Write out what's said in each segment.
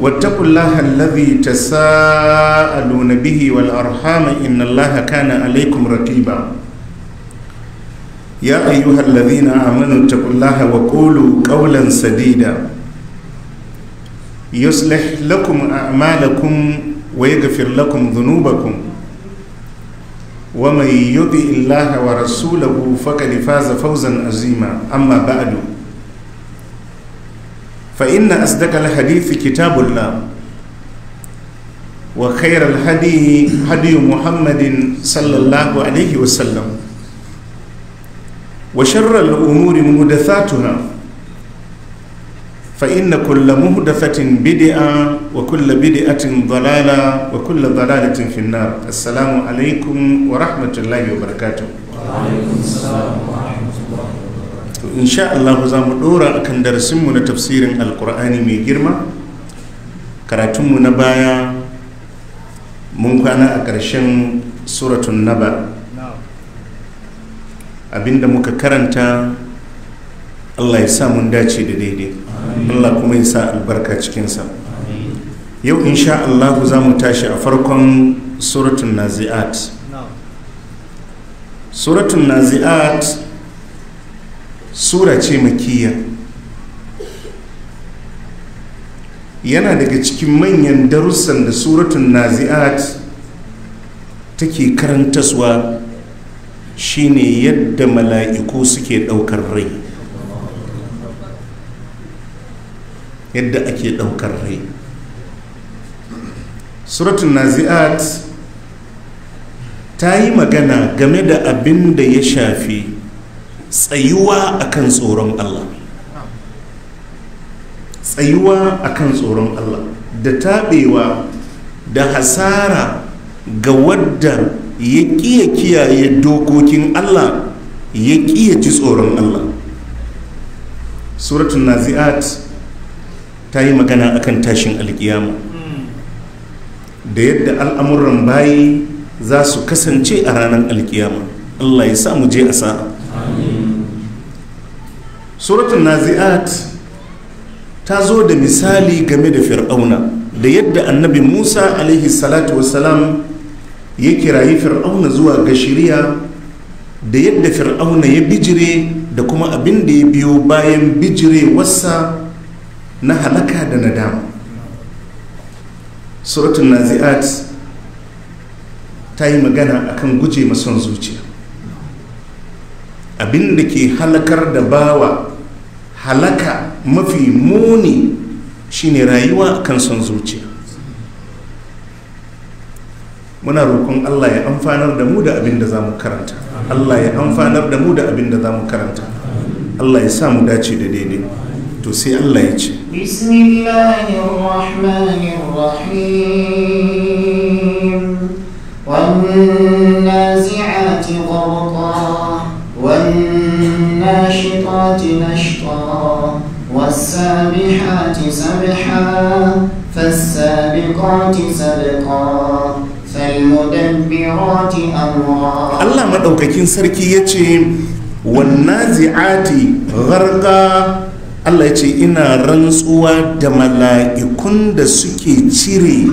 واتقوا الله الذي تساءلون به والأرحام إن الله كان عليكم رقيبا يا أيها الذين آمنوا اتقوا الله وقولوا قولا سديدا يصلح لكم أعمالكم ويغفر لكم ذنوبكم ومن يطع الله ورسوله فقد فاز فوزا عظيما أما بعد فإن أصدق الحديث كتاب الله وخير الهدي هدي محمد صلى الله عليه وسلم وشر الأمور محدثاتها فإن كل محدثة بدعة وكل بدعة ضلالة وكل ضلالة في النار السلام عليكم ورحمة الله وبركاته وعليكم السلام ورحمة الله insha Allah za mu dora akan darasinmu na tafsirin alkur'ani mai girma karatunmu na baya mun kwana a ƙarshen suratun naba abinda muka karanta Allah ya sa mun dace da daidai Allah kuma ya sa albarka cikinsa yau insha Allah za mu tashi a farkon suratun nazi'at suratun nazi'at sura ce makiyya yana daga cikin manyan darussan da suratun nazi'at take karantaswa shine yadda mala'iku suke daukar rai yadda ake daukar rai suratun nazi'at ta yi magana game da abin da ya shafi tsayuwa akan tsoron Allah tsayuwa akan tsoron Allah da taɓewa da hasara ga wadda ya ƙiya kiyaye dokokin Allah ya ƙiya ji tsoron Allah suratun nazi'at ta yi magana akan tashin alƙiyama, da yadda al'amuran bayi za su kasance a ranar alƙiyama, Allah ya samu je a sa'a suratun nazi'at ta zo da misali game da fir'auna da yadda annabi musa alaihi salatu wasalam ya kirayi fir'auna zuwa ga shirya da yadda fir'auna ya bijire da kuma abin da ya biyo bayan bijire wasa na halaka da nadama suratun nazi'at ta yi magana akan guje mason zuciya abin da ke halakar da bawa halaka mafi muni shine rayuwa kan son zuciya muna roƙon allah ya amfanar da mu da abin da za mu karanta allah ya amfanar da mu da abin da za mu karanta allah ya sa mu dace da daidai to sai allah ya ce bismillahirrahmanirrahim والنازعات غرقا والنازعات والناشطات نشطا والسابحات سبحا فالسابقات سبقا فالمدبرات أمرا الله ما دوكاكين سركي يتشي والنازعات غرقا Allah ya ce ina rantsuwa da mala'ikun da suke cire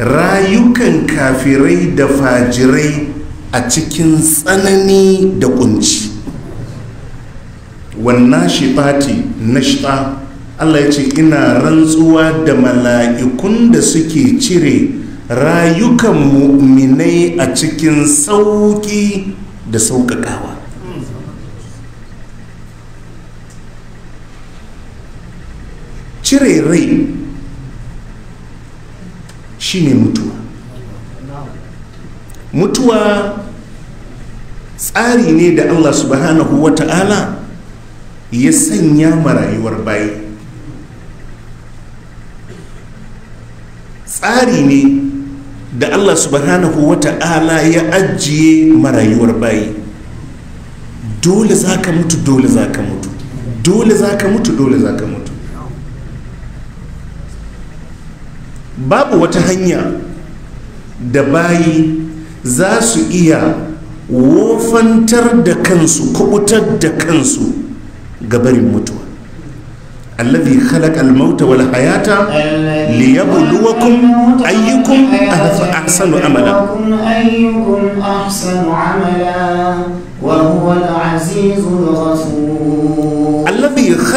rayukan kafirai da fajirai a cikin tsanani da kunci wannan na nashta Allah ya ce ina rantsuwa da mala'ikun da suke cire rayukan mu'minai a cikin sauƙi da sauƙaƙawa cire rai shine mutuwa mutuwa tsari ne da Allah subhanahu wa ta'ala ya sanya marayuwar bayi tsari ne da allah subhanahu wa ta'ala ya ajiye marayuwar bayi dole za ka mutu dole za ka mutu dole za ka mutu dole za ka mutu babu wata hanya da bayi za su iya wofantar da kansu kubutar da kansu gabarin mutuwa alladhi khalaqa al-mauta wal hayata liyabluwakum ayyukum ahsanu amala ayyukum ahsanu amala allah huwa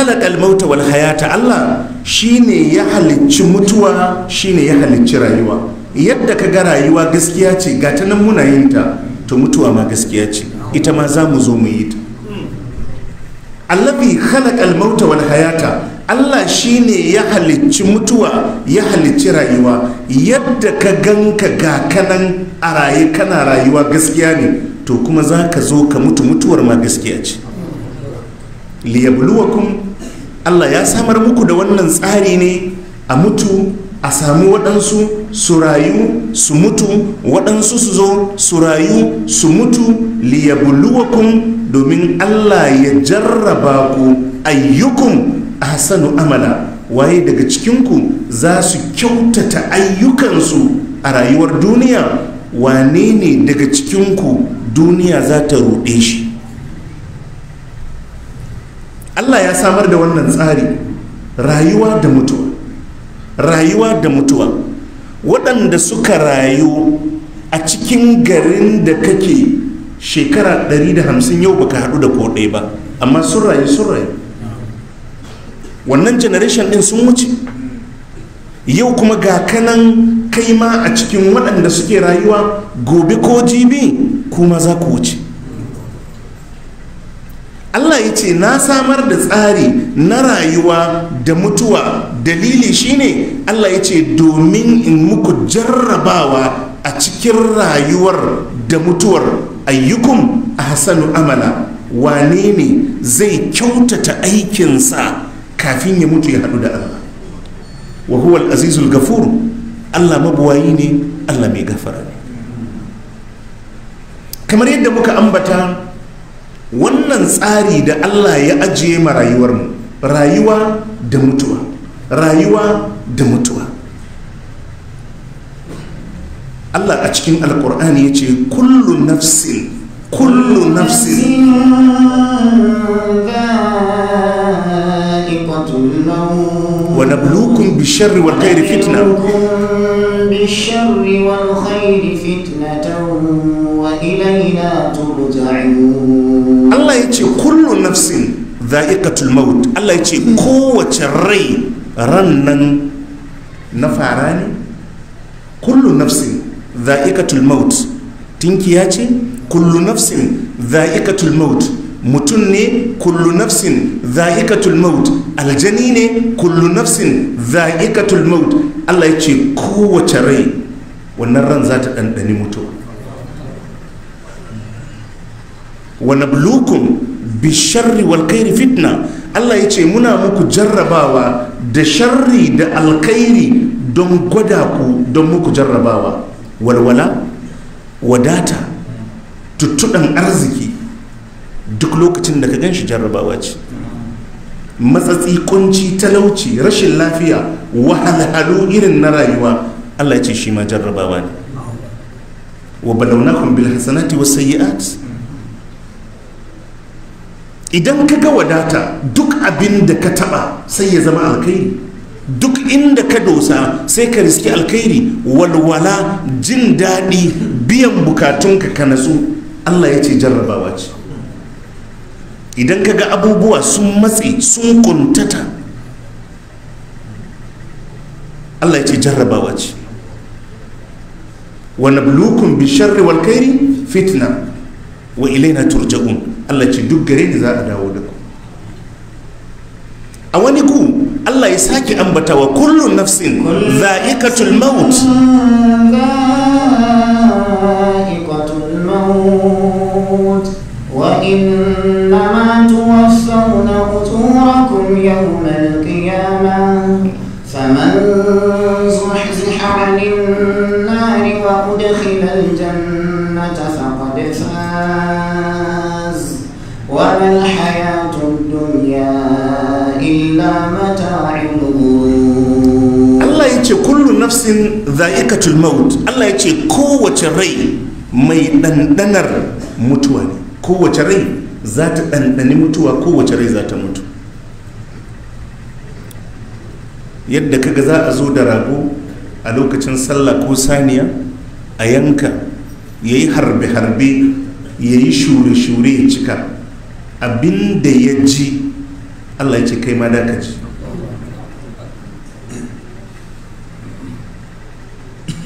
al al-mauta wal hayata Allah shine ya halicci mutuwa shine ya halicci rayuwa yadda ka ga rayuwa gaskiya ce ga ta nan muna yin ta to mutuwa ma gaskiya ce ita ma za mu zo mu yi ta allafi khalaqal mauta wal hayata Allah shi ne ya halicci mutuwa ya halicci rayuwa yadda ka ganka ga kanan a raye kana rayuwa gaskiya ne to kuma za ka zo ka mutu mutuwar ma gaskiya ce liyabluwakum Allah ya samar muku da wannan tsari ne a mutu a sami waɗansu su rayu su mutu waɗansu su zo su rayu su mutu liyabluwakum domin allah ya jarraba ku ayyukum ahsanu amala waye daga cikinku za su kyautata ayyukansu a rayuwar duniya wane ne daga cikinku duniya za ta ruɗe shi allah ya samar da wannan tsari rayuwa da mutuwa rayuwa da mutuwa waɗanda suka rayu a cikin garin da kake shekara 150 yau baka haɗu da ko ba amma sun rayu sun rayu wannan generation ɗin sun wuce yau kuma ga kanan kai ma a cikin waɗanda suke rayuwa gobe ko jibi kuma za ku wuce allah ya ce na samar da tsari na rayuwa da mutuwa dalili shine allah ya ce domin in muku jarrabawa a cikin rayuwar da mutuwar ayyukum a hasanu amala wane ne zai kyautata aikinsa kafin ya mutu ya haɗu da allah wa huwa al-azizul allah mabuwayi ne allah mai gafara ne kamar yadda muka ambata wannan tsari da allah ya ajiye ma rayuwarmu rayuwa da mutuwa rayuwa da mutuwa allah a cikin alkur'ani ya ce kullu nafsin kullu nafsin wa nablukum bisharri wa kairi fitna wa والخير فتنة وإلينا ya ce kullu nafsin za'iqatul maut Allah ya ce kowace rai ran nan na fara ne kullu nafsin za'iqatul maut ya ce kullu nafsin za'iqatul maut mutum ne kullu nafsin za'iqatul maut aljani ne kullu nafsin za'iqatul maut Allah ya ce kowace rai wannan ran za ta ɗanɗani mutuwa wa bulukun bisharri walkairi fitna Allah ya ce muna muku jarrabawa da sharri da alkhairi don gwada ku don muku jarrabawa walwala wadata tuttuɗan arziki duk lokacin da ka gan shi jarrabawa ce matsatsi kunci talauci rashin lafiya wahalhalu irin na rayuwa Allah ya ce shi ma jarrabawa ne wa balaunakum bil hasanati was sayyi'at idan ka ga wadata duk abin da ka taba sai ya zama alkhairi duk inda ka dosa sai ka riski alkhairi walwala jin daɗi biyan bukatunka ka natsu allah ya ce jarrabawa ce idan ka ga abubuwa sun matse sun kuntata allah ya ce jarrabawa ce wani bulukun bisharri wal kairi fitna wa ilaina turja'un Allah ce duk gare ni za a dawo da ku a wani ku Allah ya sake ambatawa kullun nafsin za'iqatul maut wa innama tuwaffawna ujurakum yawmal qiyamah faman zuhziha 'anil nari wa udkhila al-jannata faqad faz وما الحياة الدنيا إلا متاع Allah ya ce kullu nafsin za'ikatul maut Allah ya ce kowace rai mai ɗanɗanar mutuwa ne kowace rai za ta ɗanɗani mutuwa kowace rai za ta mutu yadda kaga za a zo da rago a lokacin sallah ko saniya a yanka ya yi harbe-harbe ya yi shure-shure ya cika abinda ya ji allah ce kai ma da ji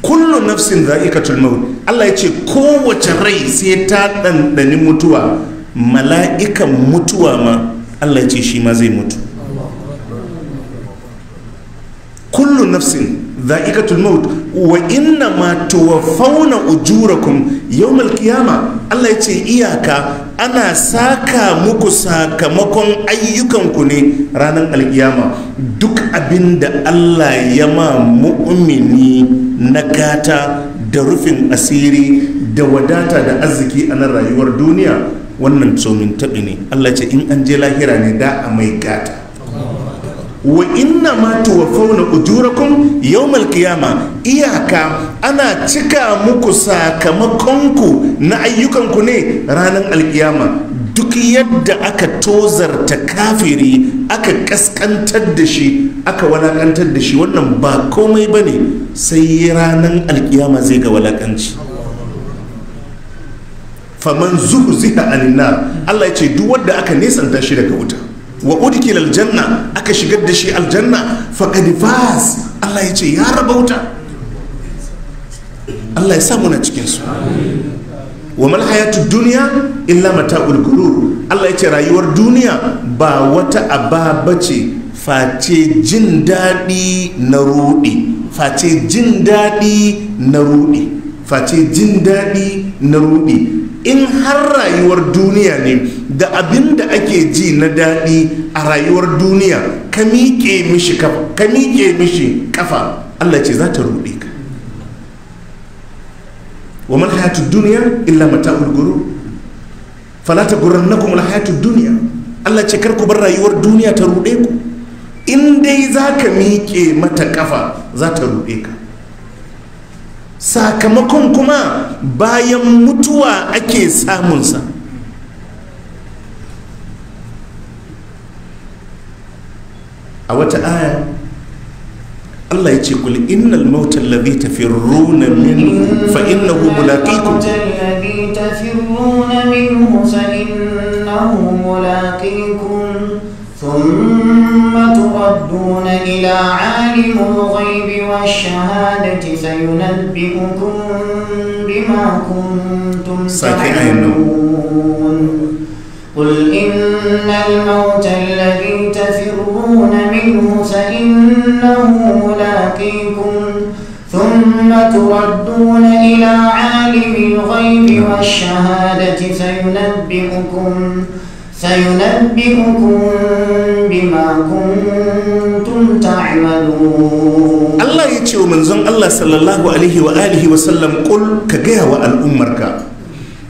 kullum nafsin ika maut Allah ya ce kowace rai sai ta ɗanɗani mutuwa mala'ikan mutuwa ma Allah ya ce shi ma zai mutu Kullum nafsin za'iqatul maut wa inna ma tuwaffawna ujurakum yawmal qiyama Allah yace iyaka ana saka muku sakamakon ayyukanku ne ranar alkiyama duk abinda Allah ya ma mu'mini na gata da rufin asiri da wadata da arziki a nan rayuwar duniya wannan tsomin taɓi ne Allah ce in an je lahira ne da a mai gata wa inna ma tuwaffawna ujurakum yawmal qiyama iyaka ana cika muku sakamakon ku na ayyukan ku ne ranan alkiyama duk yadda aka tozarta kafiri aka kaskantar da shi aka walakantar da shi wannan ba komai bane sai ranar alkiyama zai ga walakanci faman zuhu ziha anina Allah ya ce duk wadda aka nisanta shi daga wuta wa udkil aljanna aka shigar da shi aljanna faqad faz Allah ya ce ya rabauta Allah ya sa na cikin su wa mal hayatud dunya illa mata'ul gurur Allah ya ce rayuwar duniya ba wata ababa ce face jin dadi na ruɗi face jin daɗi na ruɗi face jin daɗi na ruɗi in har rayuwar duniya ne da abin da ake ji na daɗi a rayuwar duniya ka miƙe mishi kafa allah ce za ta ruɗe ka wa man hayatu duniya illa mata'ul gurur fala na kuma hayatu duniya allah ce kar ku bar rayuwar duniya ta ruɗe ku in dai za ka miƙe mata kafa za ta ruɗe ka sakamakon kuma bayan mutuwa ake samunsa a wata aya Allah ya ce kul innal mautal ladhi tafirruna minhu fa innahu mulaqikum alladhi tafirruna thumma ثم تردون إلى عالم الغيب والشهادة سينبئكم بما كنتم آية تعملون قل إن الموت الذي تفرون منه فإنه ملاقيكم ثم تردون إلى عالم الغيب والشهادة فينبئكم بما Allah ya ce wa manzon Allah sallallahu Alaihi wa wa sallam ƙul ka gaya wa al’ummarka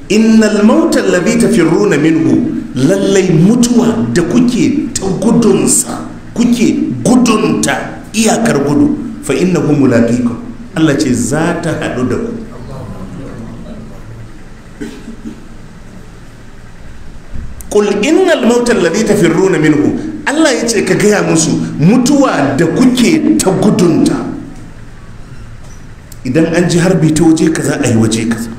inna al’amautar labi ta fi runa minhu lallai mutuwa da kuke ta gudunsa kuke gudunta iyakar gudu fa inna hu mulaƙi Allah ce za ta haɗu da ku qul innal mauta alladhi tafirruna minhu Allah ya ce ka gaya musu mutuwa da kuke ta gudunta idan an ji harbi ta waje kaza a yi waje kaza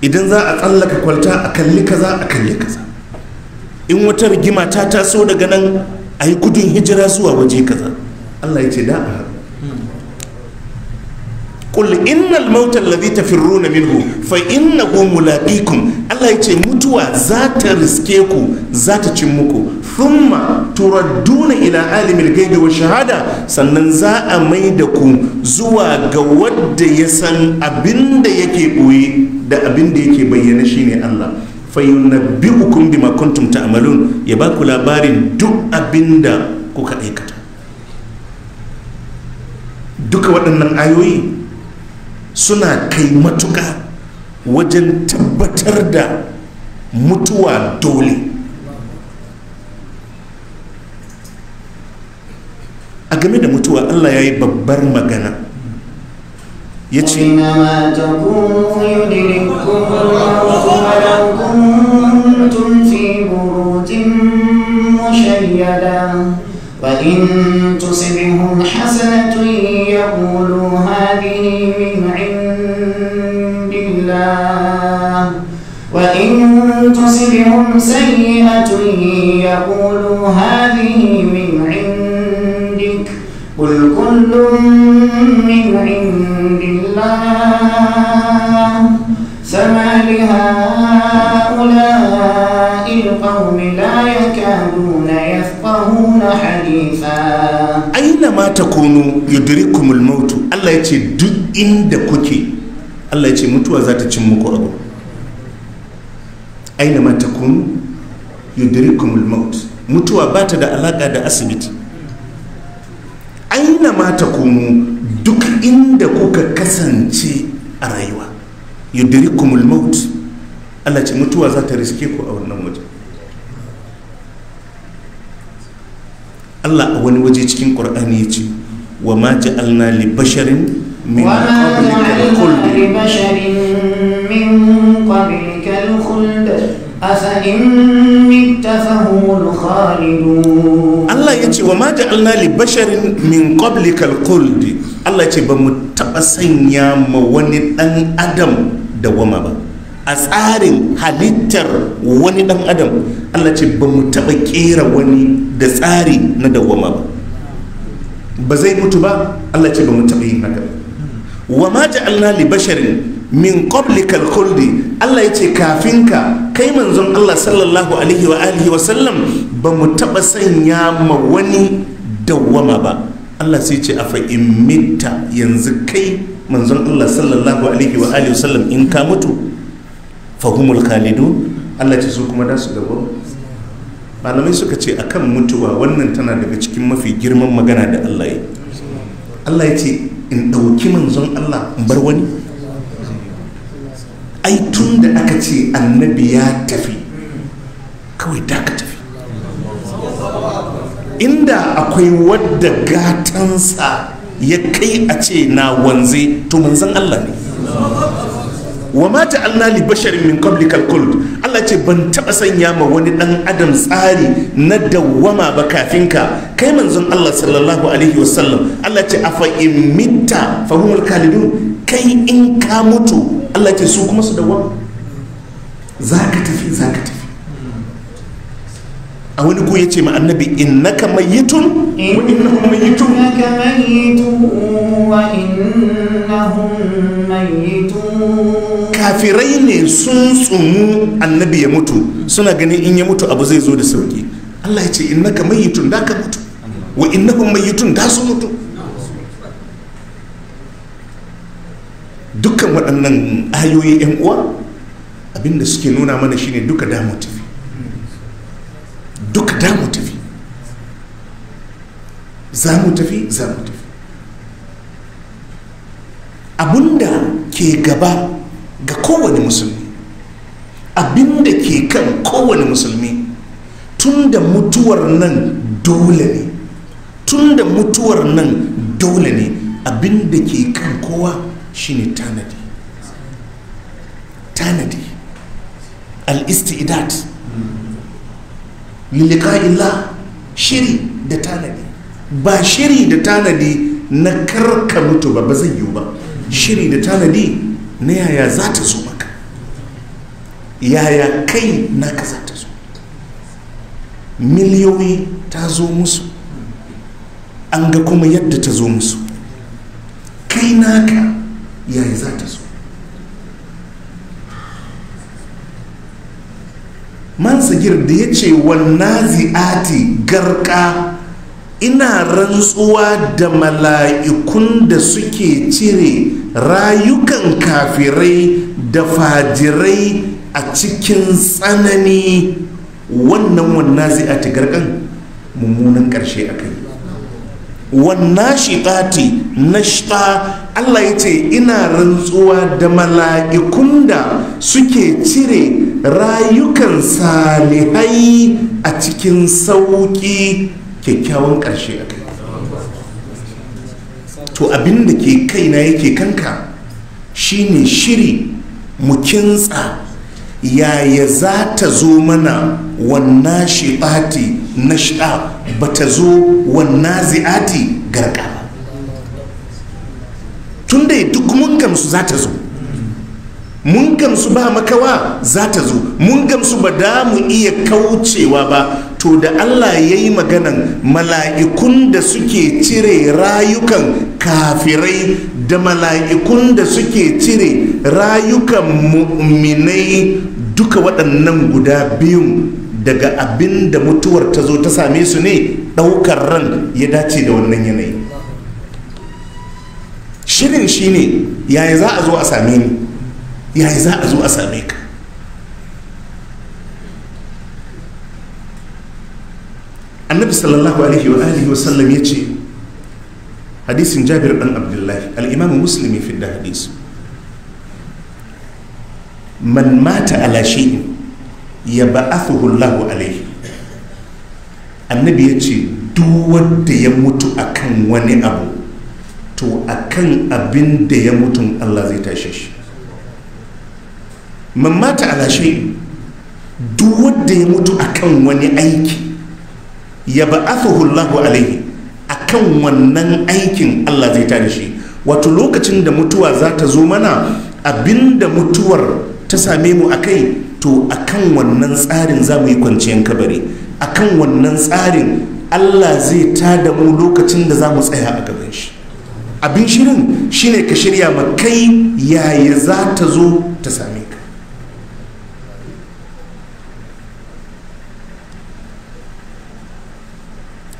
idan za a tsallaka kwalta a kalli kaza a kalli kaza in wata rigima ta taso daga nan a yi gudun hijira zuwa waje kaza Allah ya ce da a qul innal mauta alladhi tafirruna minhu fa innahu mulaqikum Allah yace mutuwa za ta riske ku za ta cin muku thumma turadduna ila alimil ghaibi wa shahada sannan za a mai da ku zuwa ga wadda ya san abinda yake boye da abinda yake bayyana shine Allah fayyunabbi'ukum bima kuntum ta'malun ya baku labarin duk abinda kuka aikata duka waɗannan ayoyi suna kai matuka wajen tabbatar da mutuwa dole a game da mutuwa allah ya yi babbar magana ya ce سيئة يقولوا هذه من عندك قل كل من عند الله فما لهؤلاء القوم لا يكادون يفقهون حديثا أينما تكونوا يدرككم الموت الله يتي duk inda kuke Allah ya ce mutuwa za ta cin muku abu aina ma yudrikumul maut mutuwa ba ta da alaka da asibiti aina ma ta komo duk inda kuka kasance a rayuwa yudrikumul maut Allah ce mutuwa za ta riske ku a wannan waje Allah a wani waje cikin Qur'ani ya ce wa ma ja'alna li basharin min qablika al-khuld Allah ya ce wa ma da alnali basharin min qablikal kuld Allah ya ce ba mu taba sanya ma wani dan adam da wama ba a tsarin halittar wani dan adam Allah ya ce ba mu taba kera wani da tsari na da wama ba ba zai mutu ba Allah ya ce ba mu taba yin haka wa ma da alnali basharin min qablikal khuldi Allah yace kafin ka kai manzon Allah sallallahu alaihi wa alihi wa sallam ba mu taba sanya ma wani dawwama ba Allah sai ce afa in mitta yanzu kai manzon Allah sallallahu alaihi wa alihi wa sallam in ka mutu fahumul khalidun Allah ce su kuma da su gaba malamai suka ce akan mutuwa wannan tana daga cikin mafi girman magana da Allah ya Allah ya ce in ɗauki manzon Allah in bar wani ai tun da aka ce annabi ya tafi kawai da aka tafi inda akwai wadda gatansa ya kai a ce na wanze to manzan Allah ne wa mata an li basharin min qablikal kult Allah ce ban taba sanya ma wani dan adam tsari na dawwama ba kafin ka kai manzon Allah sallallahu alaihi wasallam Allah ce afa in mitta fa kai in ka mutu Allah ce su kuma su dawwama za ka tafi za ka tafi a wani ko ya ce ma annabi innaka mayyitun wa innahum mayyitun innaka wa innahum mayyitun kafirai ne sun tsumu annabi ya mutu suna ganin in ya mutu abu zai zo da sauki Allah ya ce yi tun da ka mutu wa yi tun da su mutu dukkan waɗannan ayoyi 'yan uwa abinda suke nuna mana shine duka damu tafi duka damu tafi za mu tafi za mu tafi abinda ke gaba ga kowane musulmi abinda ke kan kowane musulmi tun da mutuwar nan dole ne tun da mutuwar nan dole ne abinda ke kan kowa shine tanadi tanadi al-istidat illa shiri da tanadi ba shiri da tanadi na karka mutu ba ba zai yiwu ba shiri da tanadi na yaya za ta zo maka yaya kai naka za ta zo miliyoyi ta zo musu an ga kuma yadda ta zo musu kai naka yayi za ta so man sigir da ya ce ati garka ina rantsuwa da mala'ikun da suke cire rayukan kafirai da fajirai a cikin tsanani wannan wannan zai a mummunan karshe a kai wannan shiƙati na shiƙa allah ya ce ina rantsuwa da mala'ikun da suke cire rayukan salihai a cikin sauƙi kyakkyawan ƙarshe a kai to abin da ke kaina yake kanka shine shiri mu kintsa yaya za ta zo mana wannan shiɗati ba bata zo wannan zi'ati garka ba tun da duk mun gamsu za ta zo mun gamsu ba makawa za ta zo mun gamsu ba da mu iya kaucewa ba to da allah ya yi maganan mala'ikun da suke cire rayukan kafirai da mala'ikun da suke cire rayukan mu'minai duka waɗannan guda biyun daga abin da mutuwar ta zo ta same su ne ɗaukar ran ya dace da wannan yanayi shirin shi ne yaya za a zo a same ni yaya za a zo a same ka annabi sallallahu alaihi wa alihi wa sallam ya ce hadisin jabir dan abdullahi al'imamu muslimi fi da hadis man mata ala shi'in ya ba'athuhu Allahu alaihi annabi ya ce duk wanda ya mutu akan wani abu to akan abin da ya mutu Allah zai tashe shi mamata mata ala duk wanda ya mutu akan wani aiki ya a Allahu alaihi akan wannan aikin Allah zai tada shi wato lokacin da mutuwa za ta zo mana abin da mutuwar ta same mu akai to a kan wannan tsarin za mu yi kwanciyar kabari kan wannan tsarin allah zai tada mu lokacin da za mu tsaya a gaban shi abin shirin shine ka shirya ma kai yaya za ta zo ta same ka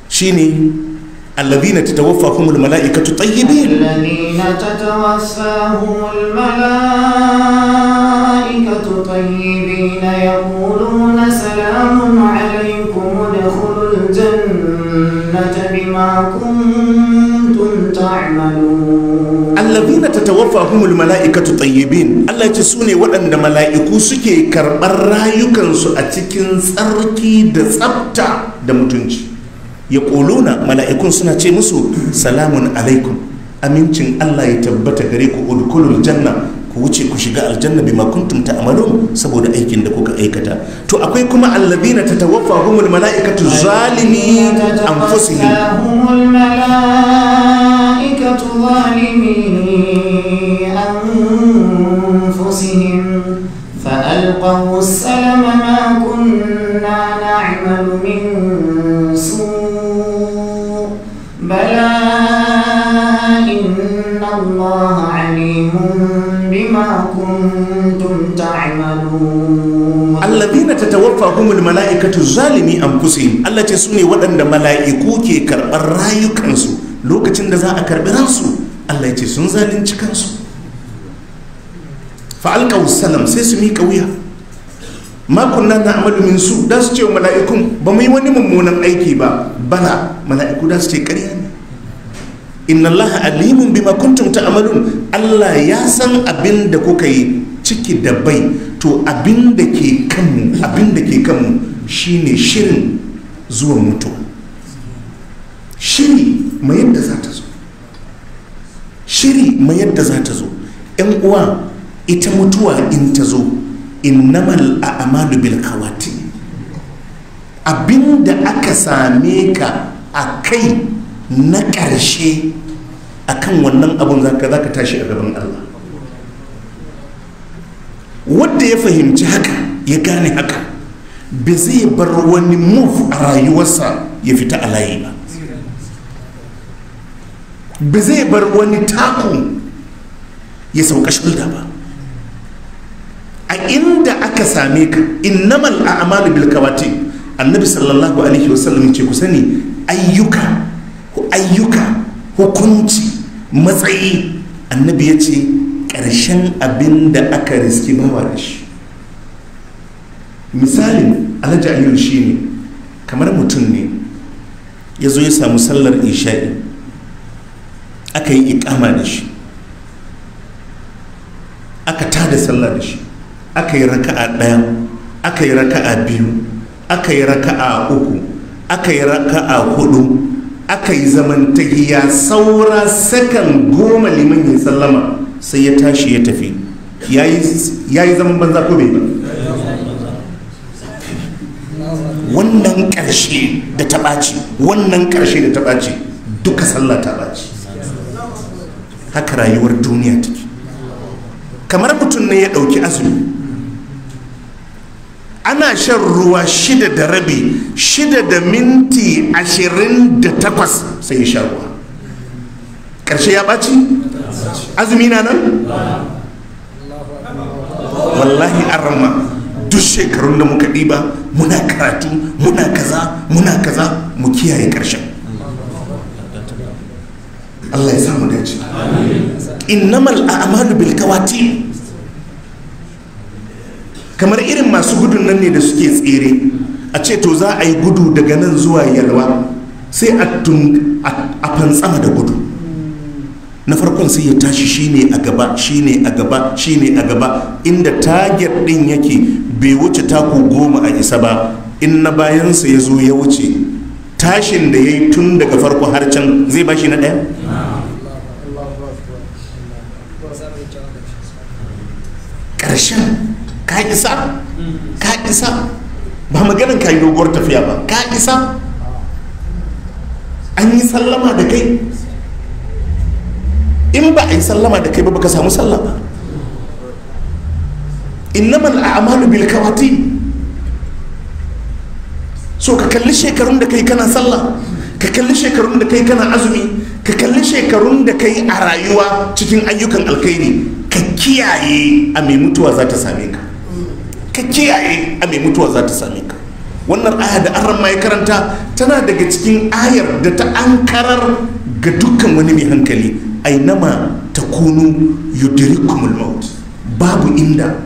shine الذين تتوفاهم الملائكة طيبين الذين تتوفاهم الملائكة tatsuniya da yankunan kuma ya mala'ikatu xayyaben allah ce su ne wadanda mala'iku suke karbar rayukansu a cikin tsarki da tsafta da mutunci ya kolu mala'ikun suna ce musu salamun alaikum amincin allah ya tabbata gare ku kulol janna. ku wuce ku shiga aljanna bima kuntum ta'malun saboda aikin da kuka aikata to akwai kuma allazina tatawaffahumul mala'ikatu zalimi anfusihim فألقوا السلم ما كنا allah binata ta waffa hudu mala'ikatu zalimi an kusin, allah ce su waɗanda mala'iku ke karbar rayukansu lokacin da za a karbi ransu, allah sun zalunci kansu fa alƙawu salam sai su ni ƙauya makon na ta amalumin su da su ce wa mala'ikun ba mu yi wani mummunan aiki ba bala mala'iku da su ce karya. inna allah alimun bima kuntum ta'malun Allah ya san abin da kuka yi ciki da bai to abin da ke kanmu abin da ke kanmu shine shirin zuwa mutuwa shiri mai yadda za ta zo shiri mai yadda za ta zo yan uwa ita mutuwa in ta zo innamal a'malu bil khawati abin da aka same ka a kai na ƙarshe a kan wannan abun zaka ka tashi a gaban Allah wadda ya fahimci haka ya gane haka ba zai bar wani move a rayuwarsa ya fita a layi ba ba zai bar wani taku ya sauka shulda ba a inda aka same ka innamal a'malu bil annabi sallallahu alaihi wasallam ce ku sani ayyuka ayyuka hukunci matsayi annabi ya ce ƙarshen abin da aka riski bawa da shi misalin alhaji ayyul shi ne kamar mutum ne ya zo ya samu sallar isha'i aka yi ikama da shi aka tada sallar da shi aka yi raka a ɗaya aka yi raka a biyu aka yi raka a uku aka yi raka a hudu aka yi zaman tahiya saura sakan goma liman ya sallama sai ya tashi ya tafi ya yi zaman banza ko bai ba wannan ƙarshe da ta ɓaci wannan karshe da ta ɓaci duka sallah ta ɓaci haka rayuwar duniya take kamar mutum ne ya ɗauki azumi ana shan ruwa shida da rabi shida da minti ashirin da takwas sai ya sha ruwa ƙarshe ya ɓaci azumi na nan wallahi arama duk shekarun da muka ɗiba muna karatu muna kaza muna kaza mu kiyaye ƙarshen Allah ya samu dace innamal a'malu bil kawatin kamar irin masu gudun nan ne da suke tsere a ce to za a yi gudu daga nan zuwa yalwa sai a fantsama da gudu na farkon sai ya tashi shine a gaba shine a gaba shine a gaba inda target din yake bai wuce taku goma a isa ba in na bayansa ya zo ya wuce tashin da ya yi tun daga farko har can zai bashi na ɗaya ƙarshen ka isa ka isa ba maganin ka yi doguwar tafiya ba ka isa an yi sallama da kai in ba a yi sallama da kai ba baka samu sallama innamal a'malu bil kawati so ka kalli shekarun da kai kana sallah ka kalli shekarun da kai kana azumi ka kalli shekarun da kai a rayuwa cikin ayyukan alkhairi ka kiyaye a mai mutuwa za ta same ka ka kiyaye a mai mutuwa za ta same ka wannan aya da an ramma ya karanta tana daga cikin ayar da ta ankarar ga dukkan wani mai hankali ainama ta kunu yudrikumul maut babu inda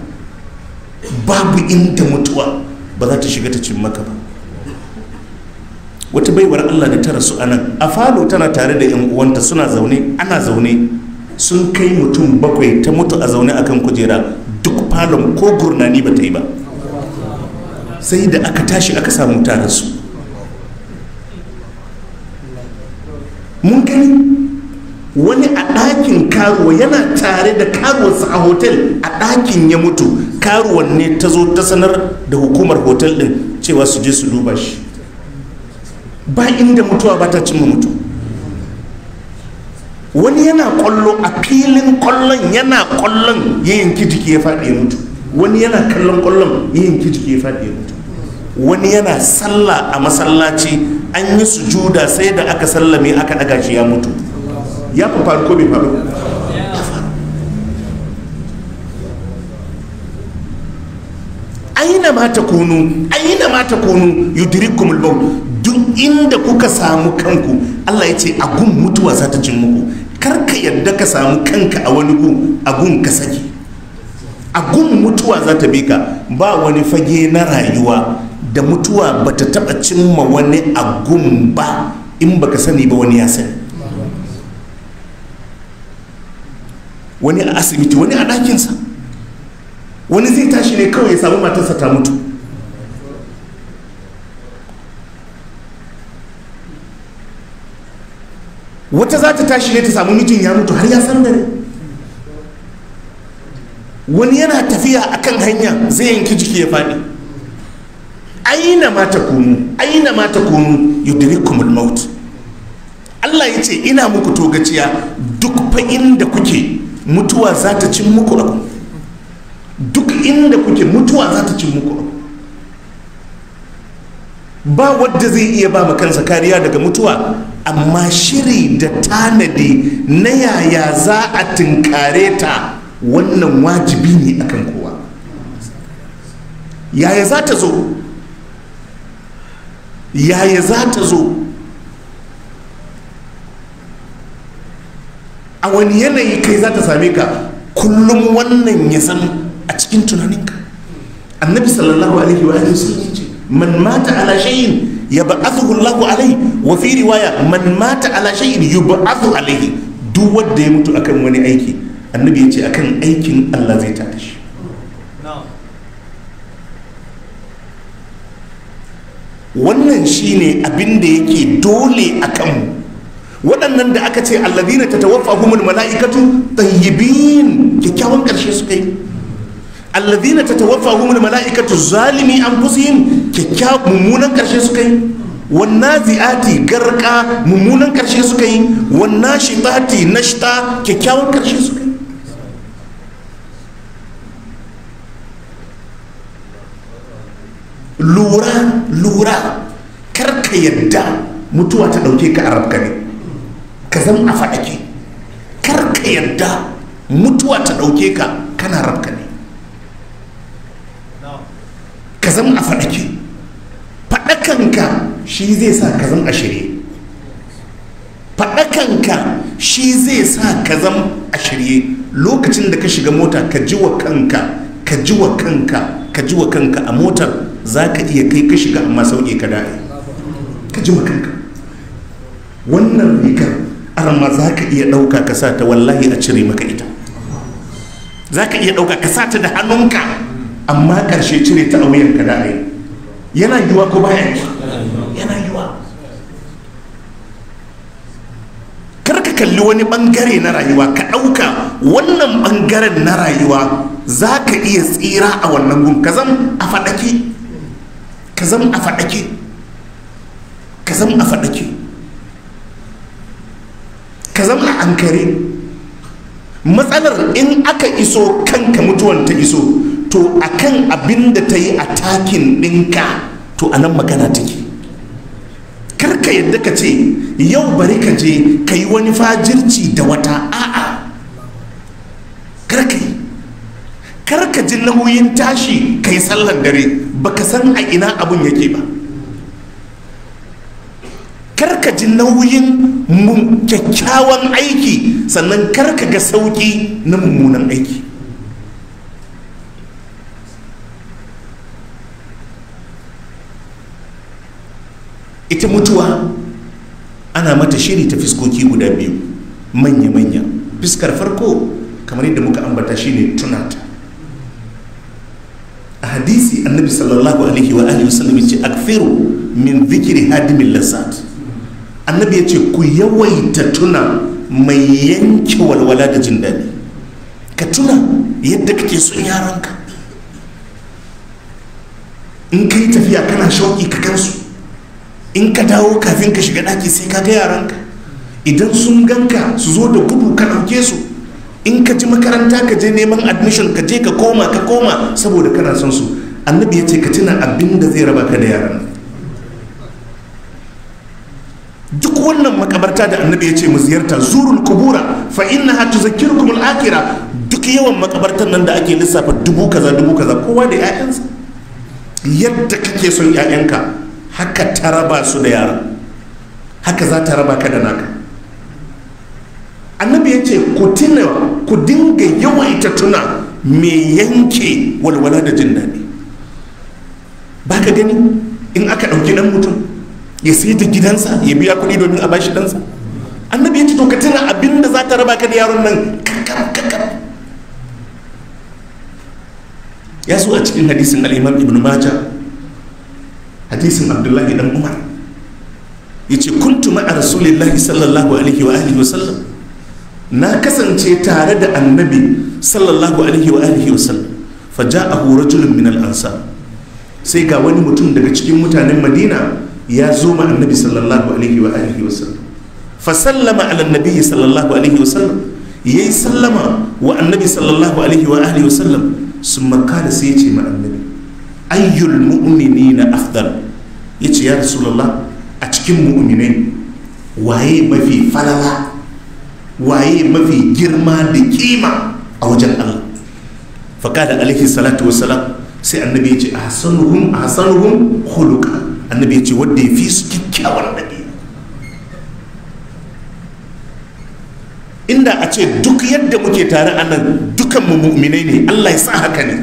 babu inda mutuwa ba za ta shiga ta cin maka ba wata baiwar allah da ta rasu a nan, a falo tana tare da yan uwanta suna zaune ana zaune sun kai mutum bakwai ta mutu a zaune akan kujera falon ko gurnani ba ta yi ba sai da aka tashi aka samu tarasu mun gani wani a ɗakin karuwa yana tare da karuwarsa a hotel a ɗakin ya mutu karuwan ne ta zo ta sanar da hukumar hotel ɗin cewa su je su duba shi ba inda mutuwa ba ta cimma mutu wani yana kwallo a filin kwallon yana kwallon yayin yanki jiki ya faɗi mutu wani yana kallon kwallon yayin yanki jiki ya faɗi mutu wani yana sallah a masallaci an yi sujuda sai da aka sallame aka daga shi ya mutu ya fi faru ko bai faru aina ma ta kunu aina ma ta kunu duk inda kuka samu kanku Allah ya ce a gun mutuwa za ta cin muku kar ka yadda ka samu kanka a wani gun a gun ka saki a mutuwa za ta bi ka ba wani fage na rayuwa da mutuwa ba ta taɓa cimma wani a ba in baka sani ba wani ya sani wani a asibiti wani a ɗakinsa wani zai tashi ne kawai ya samu matarsa ta mutu wata za ta tashi ne ta samu mijin ya mutu har ya san dare wani yana tafiya a kan hanya zai yanki jiki ya faɗi aina mata kunu aina mata ta kunu kumul maut Allah ya ce ina muku togaciya duk fa inda kuke mutuwa za ta cin muku duk inda kuke mutuwa za ta cin muku ba wadda zai iya ba kansa kariya daga mutuwa amma shiri da tanadi na yaya za a tunkare ta wannan wajibi ne akan kowa yaya za ta zo yaya za ta zo a wani yanayi kai za ta same ka kullum wannan ya san a cikin tunaninka annabi sallallahu alaihi wa sallam man mata ala shay'in yab'athuhu Allahu alayhi wa fi riwaya man mata ala shay'in yub'athu duk wanda ya mutu akan wani aiki annabi ya ce akan aikin Allah zai tada shi wannan shine abinda da yake dole a waɗannan da aka ce ta allazina tatawaffahumul mala'ikatu tayyibin kyakkyawan ƙarshe suka yi allazina tatawaffahum almalaikatu zalimi anfusihim kyakkyawan mummunan karshe suka yi wannan zi'ati garka mummunan karshe suka yi wannan shitati nashta kyakkyawan karshe suka yi lura lura karka yadda mutuwa ta dauke ka rabka ne ka zama a faɗake karka yadda mutuwa ta dauke ka kana rabka ne ka zama a faɗake faɗakanka shi zai sa ka zama a shirye faɗakanka shi zai sa ka zama a shirye lokacin da ka shiga mota ka ji wa kanka ka ji wa kanka ka ji wa kanka a motar za ka iya kai ka shiga amma sauƙi ka da'a ka ji wa kanka wannan rigar arma za ka iya ɗauka ka sa ta wallahi a cire maka ita za ka iya ɗauka ka sa ta da hannunka amma karshe cire ta a wuyan ka da yana yiwa ko baya yiwa yana yiwa karka kalli wani bangare na rayuwa ka ɗauka wannan bangaren na rayuwa za ka iya tsira a wannan gun ka zam a faɗake ka zam a faɗake ka zam a faɗake ka zam a ankare matsalar in aka iso kanka mutuwan ta iso to a kan abin da ta yi a takin ɗinka to a nan magana take karka yadda ka ce yau bari ka je ka yi wani fajirci da wata a'a karka yi karka ji nauyin tashi ka yi sallar dare baka san a ina abun yake ba karka ji nauyin kyakkyawan aiki sannan karka ga sauki na mummunan aiki ita mutuwa ana mata shiri ta fiskoki guda biyu manya-manya fiskar farko kamar yadda muka ambata shine tunata a hadisi annabi sallallahu alaihi wa alihi wasallam ce akfiru min zikiri hadimin lasat annabi ya ce ku yawaita tuna mai yanke walwala da jin daɗi ka tuna yadda kake son yaranka in kai tafiya kana shauki ka kansu in ka dawo kafin ka shiga ɗaki sai ka ga yaranka idan sun ganka su zo da gudu ka ɗauke su in ka ji makaranta ka je neman admission ka je ka koma ka koma saboda kana son su annabi ya ce ka tuna abin da zai raba ka da yaran duk wannan makabarta da annabi ya ce mu ziyarta zurul kubura fa innaha tuzakkirukum al-akhirah duk yawan makabartan nan da ake lissafa dubu kaza dubu kaza kowa da 'ya'yansa yadda kake son 'ya'yanka haka ta raba su da yara haka za ta raba ka da naka annabi ya ce ku tuna ku dinga yawaita tuna mai yanke walwala da jin daɗi ba ka gani in aka ɗauki ɗan mutum ya sai da gidansa ya biya kuɗi domin a ba shi ɗansa annabi ya ce to ka tuna abin da za ta raba ka da yaron nan kakar kakar ya so a cikin hadisin al'imam ibn majah hadisin abdullahi dan umar ce kuntu ma'a rasulillahi sallallahu alaihi wa alihi wasallam na kasance tare da annabi sallallahu alaihi wa alihi wasallam fa ja'ahu rajulun min al-ansar sai ga wani mutum daga cikin mutanen madina ya zo ma annabi sallallahu alaihi wa alihi wasallam fa sallama ala annabi sallallahu alaihi wasallam yayi sallama wa annabi sallallahu alaihi wa alihi wasallam sun makka da sai ya ce ma annabi ayyul mu'minina afdal yace ya rasulullah a cikin mu'minai waye mafi falala waye mafi girma da kima a wajen Allah fakada alaihi salatu wassalam sai annabi yace ahsanuhum ahsanuhum khuluqa annabi yace wanda yafi su kikkiawar dabi'a inda a ce duk yadda muke tare anan dukan mu mu'minai ne Allah ya sa haka ne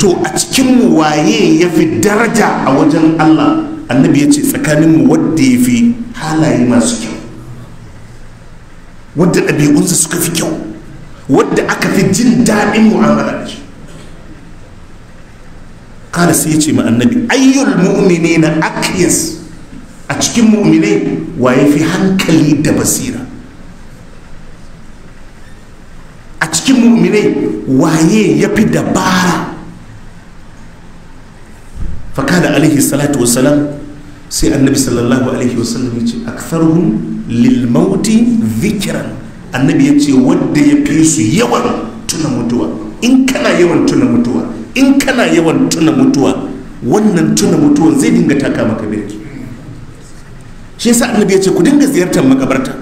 to a cikinmu waye ya fi daraja a wajen allah annabi ya ce tsakaninmu wadda ya fi halaye masu kyau wadda ɗabi'unsa suka fi kyau wadda aka fi jin daɗin mu'amala da shi kada sai ya ce ma annabi ayyul mu'mini na akiyas a cikin wa waye fi hankali da basira a cikin mu'minai waye ya fi dabara da alaihi salatu salam sai annabi sallallahu alaihi wasallam ya ce aktharuhum lil lilmauti zikiran annabi ya ce wanda ya fi su yawan tuna mutuwa in kana yawan tuna mutuwa in kana yawan tuna mutuwa wannan tuna mutuwan zai dinga taka maka birki shi yasa annabi ya ce ku dinga ziyartar makabarta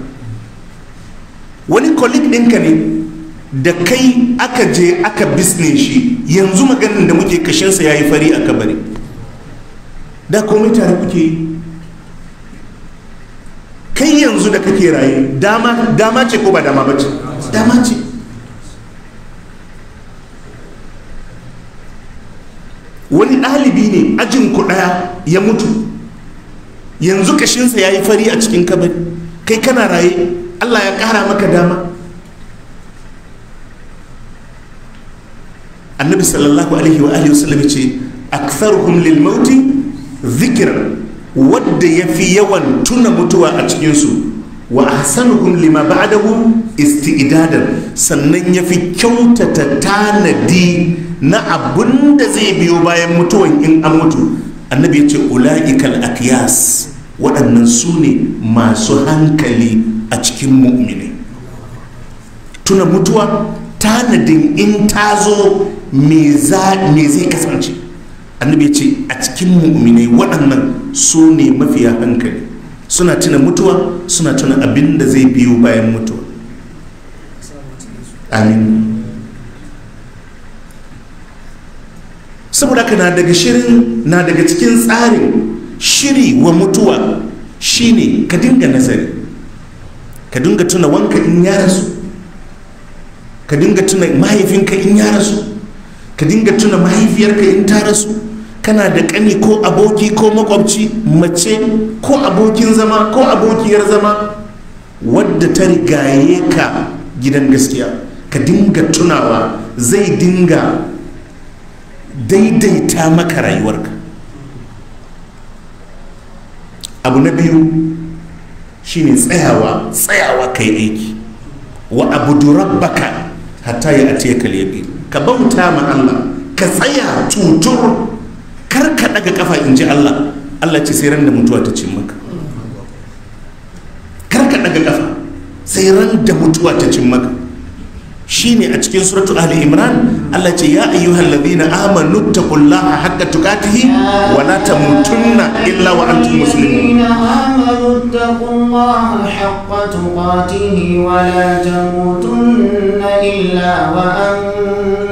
wani colleague ɗinka ne da kai aka je aka bisne shi yanzu maganin da muke kashinsa ya yi fari a kabari da komai tare kuke yi kai yanzu da kake raye dama ce ko ba dama ba ce dama ce wani ɗalibi ne ajin ku ya mutu yanzu kashinsa ya yi fari a cikin kabari kai kana raye allah ya ƙara maka dama annabi sallallahu alaihi wa alihi wasallam ce kasar lil mauti zikir wadda ya fi yawan tuna mutuwa a cikinsu wa ahsanuhum lima ba'dahu isti'dadan sannan ya fi kyautata tanadi na abun da zai biyo bayan mutuwan in an mutu annabi ya ce ula'ikal akiyas waɗannan su ne masu hankali a cikin mu'mini tuna mutuwa tanadin in ta zo me zai kasance annabi ce a cikin mu'minai waɗannan su ne mafiya hankali suna tuna mutuwa suna tuna abin da zai biyu bayan mutuwa amin saboda haka na daga shirin na daga cikin tsarin shiri wa mutuwa shine ka dinga nazari ka dinga tuna wanka in ya rasu ka dinga tuna mahaifinka in ya rasu ka dinga tuna mahaifiyarka in ta rasu kana da ƙani ko aboki ko makwabci mace ko abokin zama ko abokiyar zama wadda ta rigaye ka gidan gaskiya ka dinga tunawa zai dinga daidaita maka rayuwarka abu na biyu shine tsayawa tsayawa kai aiki wa abu ka hatta ya atiya kal ka bauta ma Allah ka tsaya cutur kar ka daga kafa in ji Allah Allah ce sai ran da mutuwa ta cin maka kar ka daga kafa sai ran da mutuwa ta cin maka shine a cikin suratu ali imran Allah ce ya ayyuhal ladina amanu taqullaha haqqa tuqatihi wa la tamutunna illa wa antum muslimun taqullaha haqqa tuqatihi wa la tamutunna illa wa antum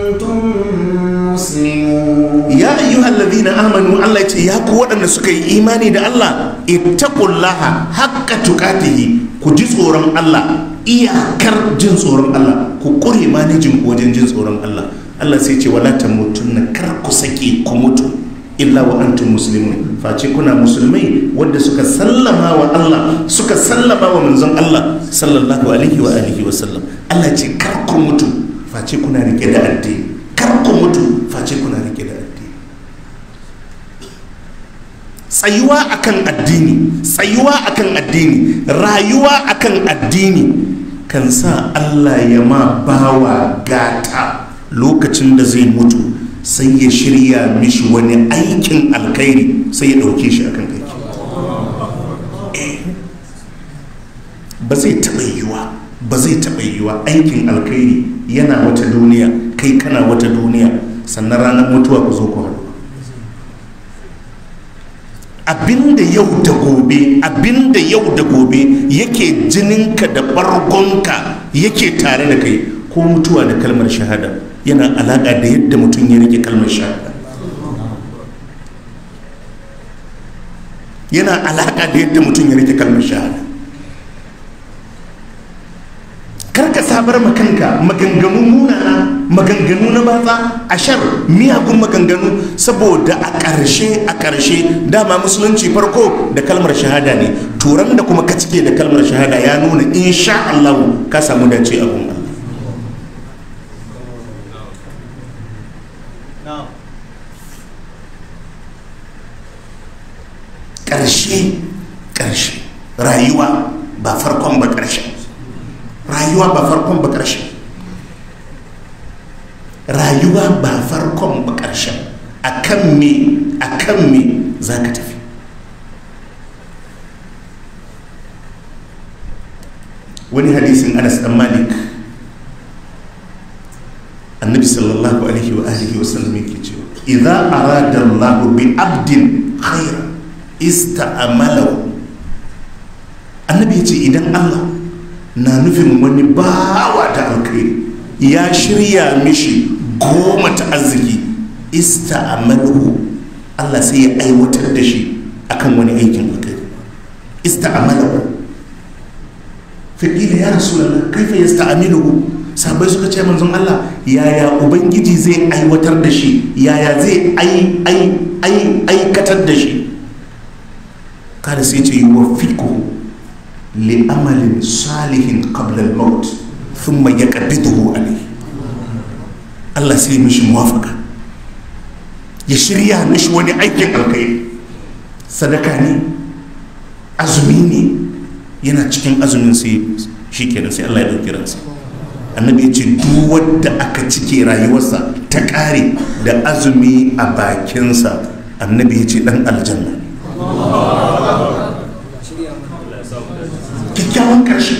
ya ayyuhal ladina amanu Allah ya ce ya ku waɗanda suka yi imani da Allah ittaqullaha haqqa tuqatihi ku ji tsoron Allah iyakar jin tsoron Allah ku kure jin wajen jin tsoron Allah Allah sai ce wala tamutunna kar ku sake ku mutu illa wa antum muslimun face kuna musulmai wanda suka sallama wa Allah suka sallama wa manzon Allah sallallahu alaihi wa alihi wa sallam Allah ce kar ku mutu face kuna rike da addini kar ku mutu face kuna tsayuwa akan addini tsayuwa akan addini rayuwa akan addini kan sa Allah ya ma bawa gata lokacin da zai mutu sai ya shirya mishi wani aikin alkhairi sai ya dauke shi akan aiki eh, ba zai taɓa yiwa ba zai taɓa yiwa aikin alkhairi yana wata duniya kai kana wata duniya sannan ranar mutuwa ku zo ku haɗu abinda yau da gobe abinda yau da gobe yake jininka da bargonka yake tare da kai ko mutuwa da kalmar shahada yana alaƙa da yadda mutum ya rike kalmar shahada yana alaƙa da yadda mutum ya rike kalmar shahada ma makanka maganganu munana maganganu na batsa a shar miyagun maganganu saboda a ƙarshe a ƙarshe dama musulunci farko da kalmar shahada ne turan da kuma ka cike da kalmar shahada ya nuna insha Allah ka samu dace a gunga ƙarshe ƙarshe rayuwa ba farkon ba ƙarshen rayuwa ba farkon ba ƙarshen rayuwa ba farkon ba ƙarshen a kan me a kan me za ka tafi wani hadisin anas dan malik annabi sallallahu alaihi wa alihi wa sallam yake cewa idza arada allah bi abdin khaira ista'amalahu annabi yace idan allah na nufin wani bawa da alkhairi ya shirya mishi goma ta arziki ista amalu Allah sai ya aiwatar da shi akan wani aikin alkhairi ista amalu fakila ya sta a yasta'miluhu sabai suka ce manzon Allah yaya ubangiji zai aiwatar da shi yaya zai aikatar da shi kada sai ce yi wa fiko li'amalin salihin qablal maut thumma a ne Allah sai mishi muwafaka ya shirya mishi wani aikin alkai sadaka ne azumi ne yana cikin azumin sai shikenan sai Allah ya dauki ransa annabi ya ce duk wanda aka cike rayuwarsa ta kare da azumi a bakinsa annabi ya ce dan aljanna kyakkyawan ƙarshe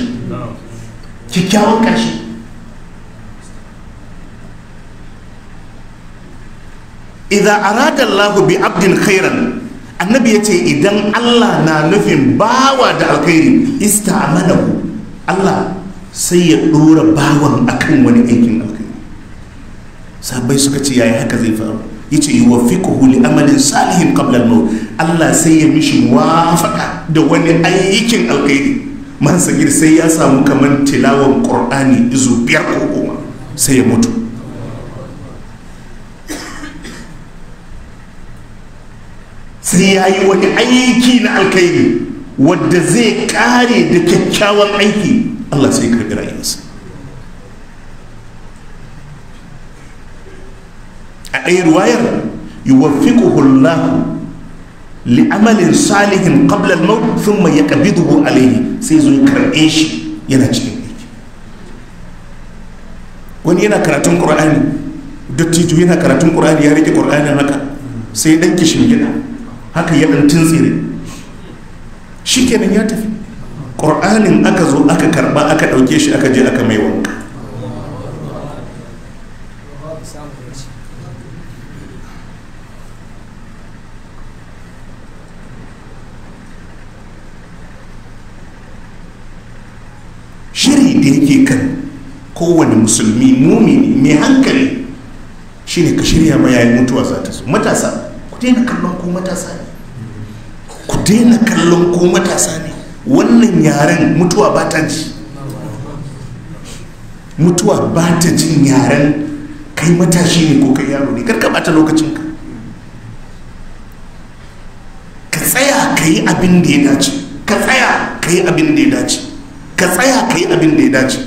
kyakkyawan ƙarshe idan arada Allah bi abdin khairan annabi ya ce idan Allah na nufin bawa da alkhairi istamanahu Allah sai ya ɗora bawan akan wani aikin alkhairi sabai suka ce yaya haka zai faru yace yuwaffiquhu li amalin salihin qabla al-maut Allah sai ya mishi wafaka da wani aikin alkhairi man sagir sai ya samu kamar tilawan ƙur'ani izu biyar ko goma sai ya mutu sai ya yi wani aiki na alkairi wadda zai kare da kyakkyawan aiki allah sai karbi rayuwarsa a ɗaya ruwayar yi wa fiƙuhullahu li'amalin salihin qabla al-maut thumma yaqbiduhu alayhi sai zo karbe shi yana cikin aiki wani yana karatun qur'ani dattijo yana karatun qur'ani ya rike qur'anin haka sai dan kishin gida haka ya dan tuntsire shikenan ya tafi qur'anin aka zo aka karba aka dauke shi aka je aka mai wanka da yake kan kowane musulmi mumini mai hankali shine ka shirya ma yayin mutuwa za ta zo matasa ku daina kallon ko matasa ne ku daina kallon ko matasa ne wannan yaren mutuwa ba ta ji mutuwa ba ta jin yaren kai matashi ne ko kai yaro ne karka bata lokacin ka ka tsaya ka yi abin da ya dace ka tsaya ka yi abin da ya dace ka tsaya ka yi abin da ya dace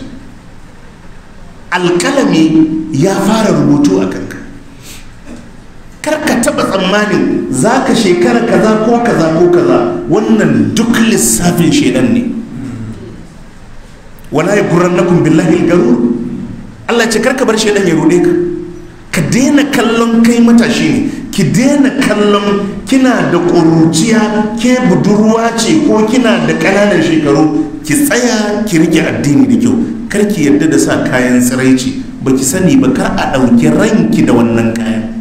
alkalami ya fara rubutu a kanka kar ka taba tsammanin za ka shekara kaza ko kaza ko kaza wannan duk lissafin shedan ne wala ya gurar na billahi garu Allah ce karka bar shedan ya rude ka ka daina kallon kai matashi ne ki daina kallon kina da ƙuruciya ke budurwa ce ko kina da ƙananan shekaru ki tsaya ki rike addini da kyau kar ki yarda da sa kayan tsiraici ba ki sani ba kar a ɗauki ranki da wannan kayan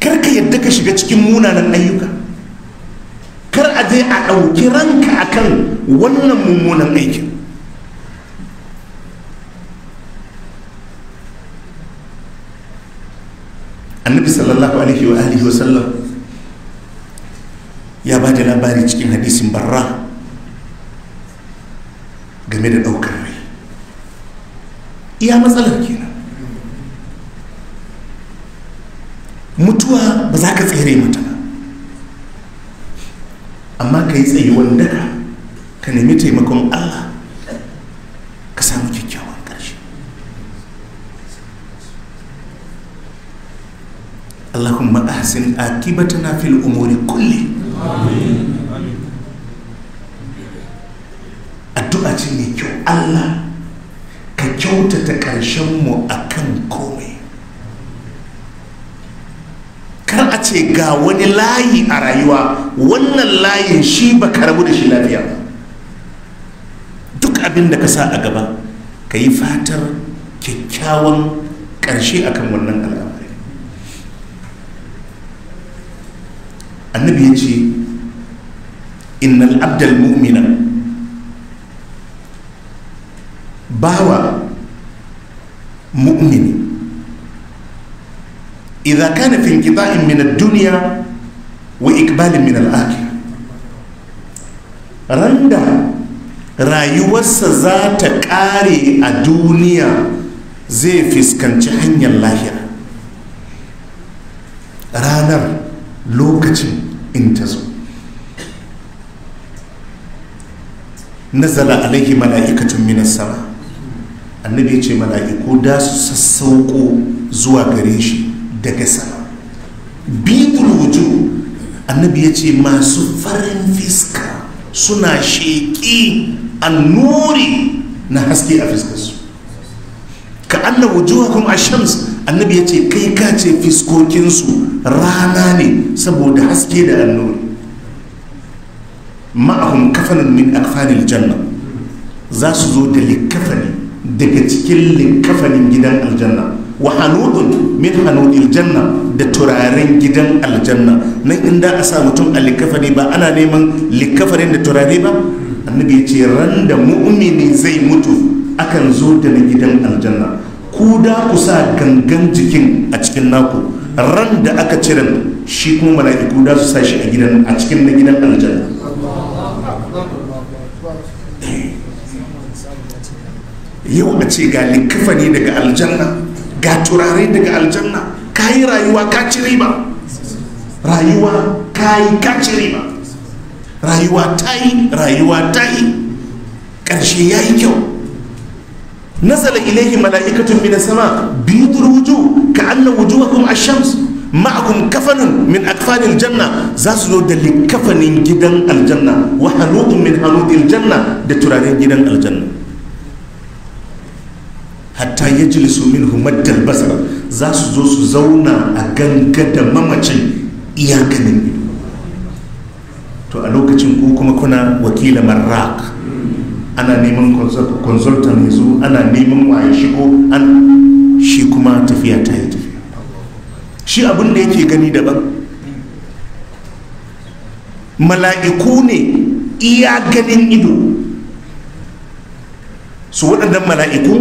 kar ka yarda ka shiga cikin munanan ayyuka kar a je a ɗauki ranka akan wannan mummunan aikin annabi sallallahu alaihi wa alihi wa sallam ya ba da labari cikin hadisin barra game da ɗaukar rai iya matsalar kenan mutuwa ba za ka tsere mata ba amma ka yi tsayuwan daga ka nemi taimakon allah ahsin akibatana fil umuri kulle addu'a ce mai kyau Allah ka kyautata ƙarshen mu akan komai kar a ce ga wani layi a rayuwa wannan layin shi ba ka rabu da shi lafiya duk abin da ka sa a gaba ka yi fatar kyakkyawan ƙarshe akan wannan al'amari annabi ya ce innal abdal mu'mina bawa mu'mini idza kana fi inqita'in min ad-dunya wa ikbalin min al randa rayuwarsa za ta kare a duniya zai fuskanci hanyar lahira ranar lokacin in ta zo nazala alaihi mala'ikatun minas sama annabi ya ce mala'iku da su sassauko zuwa gare shi daga sama bibul wuju annabi ya ce masu farin fiska suna sheƙi annuri na haske a fiskarsu ka a wujuhakum ashams annabi ya ce kai ka ce fiskokinsu rana ne saboda haske da annuri ma'ahun kafanin min akfanil janna za su zo da likafani daga cikin likafanin gidan aljanna wa hanudun min hanudil janna da turaren gidan aljanna nan inda a sa mutum a likafani ba ana neman likafanin da turare ba annabi ya ce ran da mu'mini zai mutu akan zo da na gidan aljanna ku da ku sa gangan jikin a cikin naku ran da aka cire shi kuma mala'iku da su sa shi a gidan a cikin na gidan aljanna yau a ce ga likafani daga aljanna ga turare daga aljanna ka yi rayuwa ka ci riba rayuwa ka yi ka ci riba rayuwa ta yi rayuwa ta yi ƙarshe ya yi kyau نزل إليه ملائكة من السماء بيض الوجوه كأن وجوهكم الشمس معكم كفن من أكفان الجنة زاسلو دل كفن جدا الجنة وحنوط من حنوط الجنة دترارين جدا الجنة حتى يجلس منه مد البصر زاس زوس زونا أجن كدا ممتشي إياك من تو ألوكتشن كوكما كنا وكيل مراك ana neman consultant ya zo ana neman waye shigo an shi kuma tafiya ta yi tafiya shi abin da yake gani daban mala'iku ne iya ganin ido su waɗannan mala'iku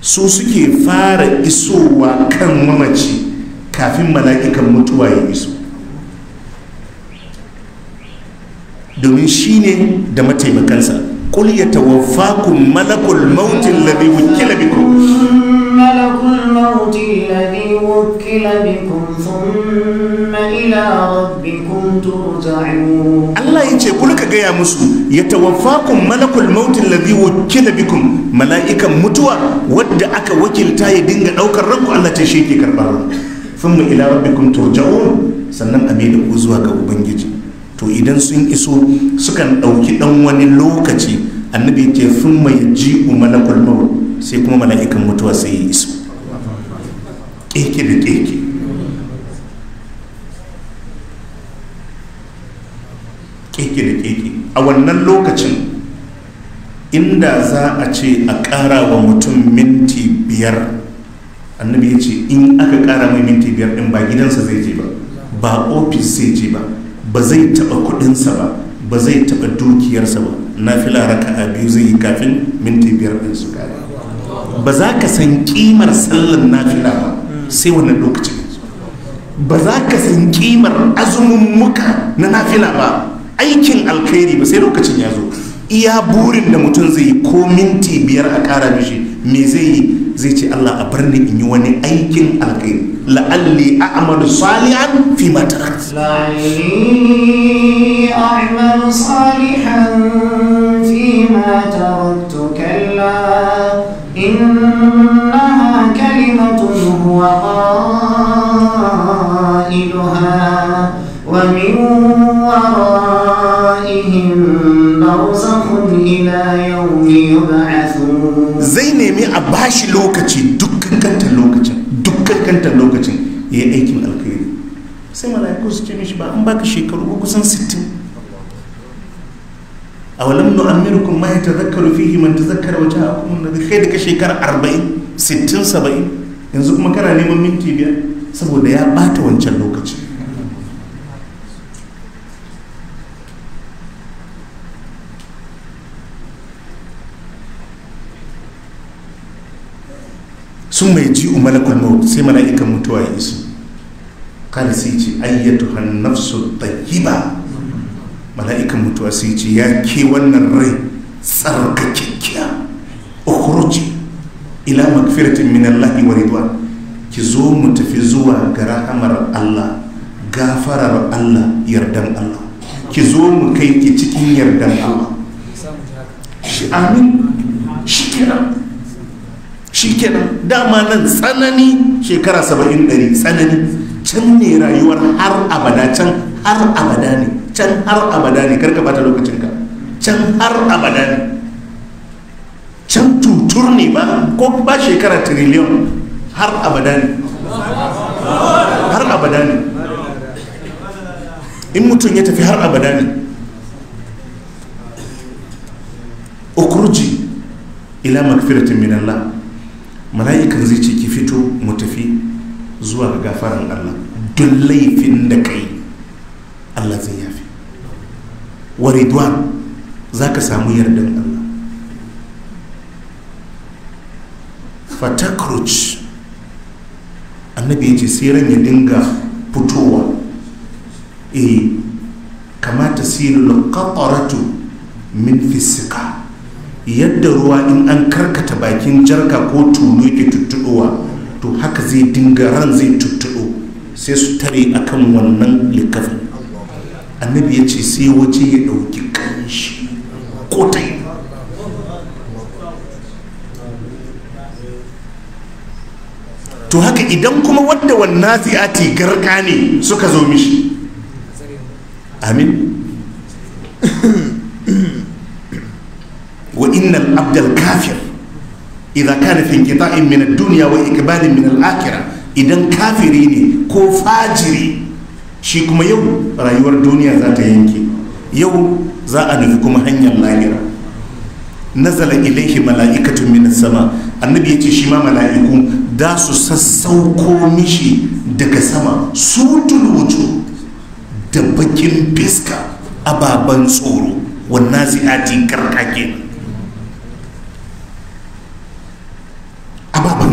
su suke fara isowa kan mamaci kafin mala'ikan mutuwa ya iso domin shi ne da mataimakansa qul yatawaffakum malakul maut alladhi wukila bikum malakul maut alladhi wukila bikum thumma ila rabbikum turja'un Allah yace kul ka gaya musu yatawaffakum malakul maut alladhi wukila bikum mala'ikan mutuwa wadda aka wakilta ya dinga ɗaukar ranku Allah ta shi ke karba thumma ila rabbikum turja'un sannan a mai zuwa ga ubangiji to idan sun iso sukan ɗauki ɗan wani lokaci annabi ce sun mai ji malakul maut sai kuma mala'ikan mutuwa sai ya iso keke da keke da a wannan lokacin inda za a ce a ƙara wa mutum minti biyar annabi ya ce in aka ƙara mai minti biyar ɗin ba gidansa zai je ba ba ofis zai je ba ba zai taɓa kuɗinsa ba ba zai taɓa dukiyarsa ba na laraka a biyu zai yi kafin minti biyar ɗin su kare ba za ka san kimar sallan nafila ba sai wani lokacin ba za ka san kimar azumin muka na nafila ba aikin alkhairi ba sai lokacin ya zo iya burin da mutum zai yi ko minti biyar a kara mishi me zai yi zai ce Allah a bar ni in yi wani aikin alkhairi la'alli a'malu salihan fi ma tarakt la'alli a'malu salihan fi ma tarakt kalla innaha kalimatun huwa qailuha wa min waraihim barzakh ila yawmi yub'ath zai nemi a bashi lokaci dukkan lokacin dukkan lokacin ya yi aikin alkhairi sai mala'iku su ce mishi ba an baka shekaru kusan sittin a walam nu amirukum ma yatazakkaru fihi man a wa na nadhir kai daga shekara 40 60 70 yanzu kuma kana neman minti biyar saboda ya bata wancan lokaci sun mai ji malakul maut sai mala'ikan mutuwa ya isu kada sai ce ayyatu hannafsu tayyiba mala'ikan mutuwa sai ce ya ke wannan rai tsarka kyakkya ukhruji ila magfiratin min Allah wa ridwan ki zo mu tafi zuwa ga rahamar Allah gafarar Allah yardan Allah ki zo mu kai ki cikin yardan Allah shi amin shi kenan shikenan dama nan tsanani shekara saba'in ɗari tsanani can ne rayuwar har abada can har abada ne can har abada ne karka bata lokacinka can har abada ne can tutur ne ba ko ba shekara triliyon har abada ne har abada ne in mutum ya tafi har abada ne ukurji ila magfiratin min Allah mala'ikan zai ce ki fito mu tafi zuwa ga gafaran Allah duk laifin da kai Allah zai yafi wa za ka samu yardan Allah fatakruj annabi ya ce siran ya dinga fitowa eh kamata sirul lokatoratu min fisika yadda ruwa in an karkata bakin jarka ko tulu yake tuttuɗowa to haka zai dinga ran zai tuttuɗo sai su tare kan wannan likafin annabi ya ce sai waje ya ɗauki kanshi kotai to haka idan kuma wadda wannan ziyati garka ne suka zo mishi amin وإن العبد kafir إذا كان في انقطاع من الدنيا وإقبال من الآخرة إذا كافرين كو shi kuma yau rayuwar duniya zata yanke yau za a nufi kuma hanyar lahira nazala ilaihi mala'ikatun min annabi ya ce shi ma mala'iku da su sassauko mishi daga sama su wucu da bakin fiska ababen tsoro wannan zi'ati karkake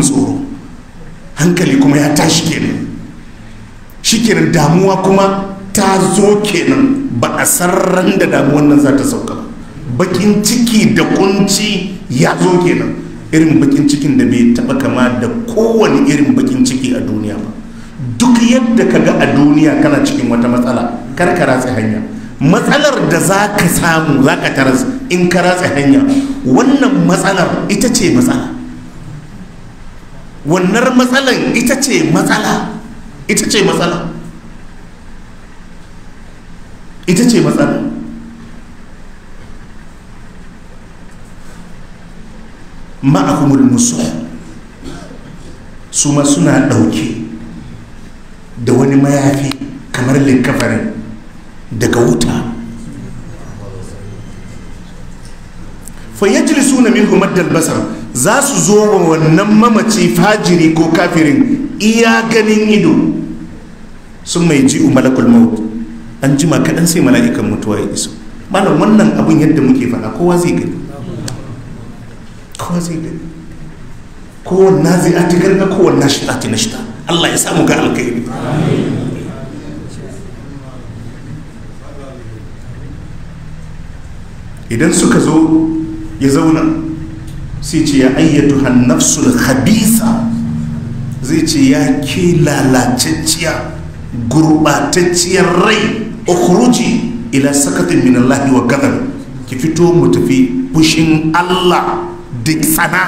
samun tsoro hankali kuma ya tashi kenan shikenan damuwa kuma ta zo kenan ba a sarran da damuwan nan za ta sauka bakin ciki da kunci ya zo kenan irin bakin cikin da bai taba kama da kowane irin bakin ciki a duniya ba duk yadda ka ga a duniya kana cikin wata matsala kar ka ratse hanya matsalar da za ka samu za ka taras in ka ratse hanya wannan matsalar ita ce matsala wannan matsalan ita ce matsala ita ce matsala ita ce matsala ma'akumul musu su ma suna ɗauke da wani mayafi kamar linkafarin daga wuta fayyajilisu na min humaddal basar za su zo wa wannan mamaci fajiri ko kafirin iya ganin ido sun mai ji malakul maut an jima kaɗan sai mala'ikan mutuwa ya iso malam wannan abin yadda muke faɗa kowa zai gani kowa zai gani kowanne zai ati garga kowanne shi ati na shida. Allah ya samu ga alkhairi idan suka zo ya zauna sai ce ya ayyatu hannafsul khabisa zai ce ya ke lalacacciya gurbatacciyar rai ukhruji ila sakatin min Allah wa gadar ki fito mu tafi fushin Allah da tsana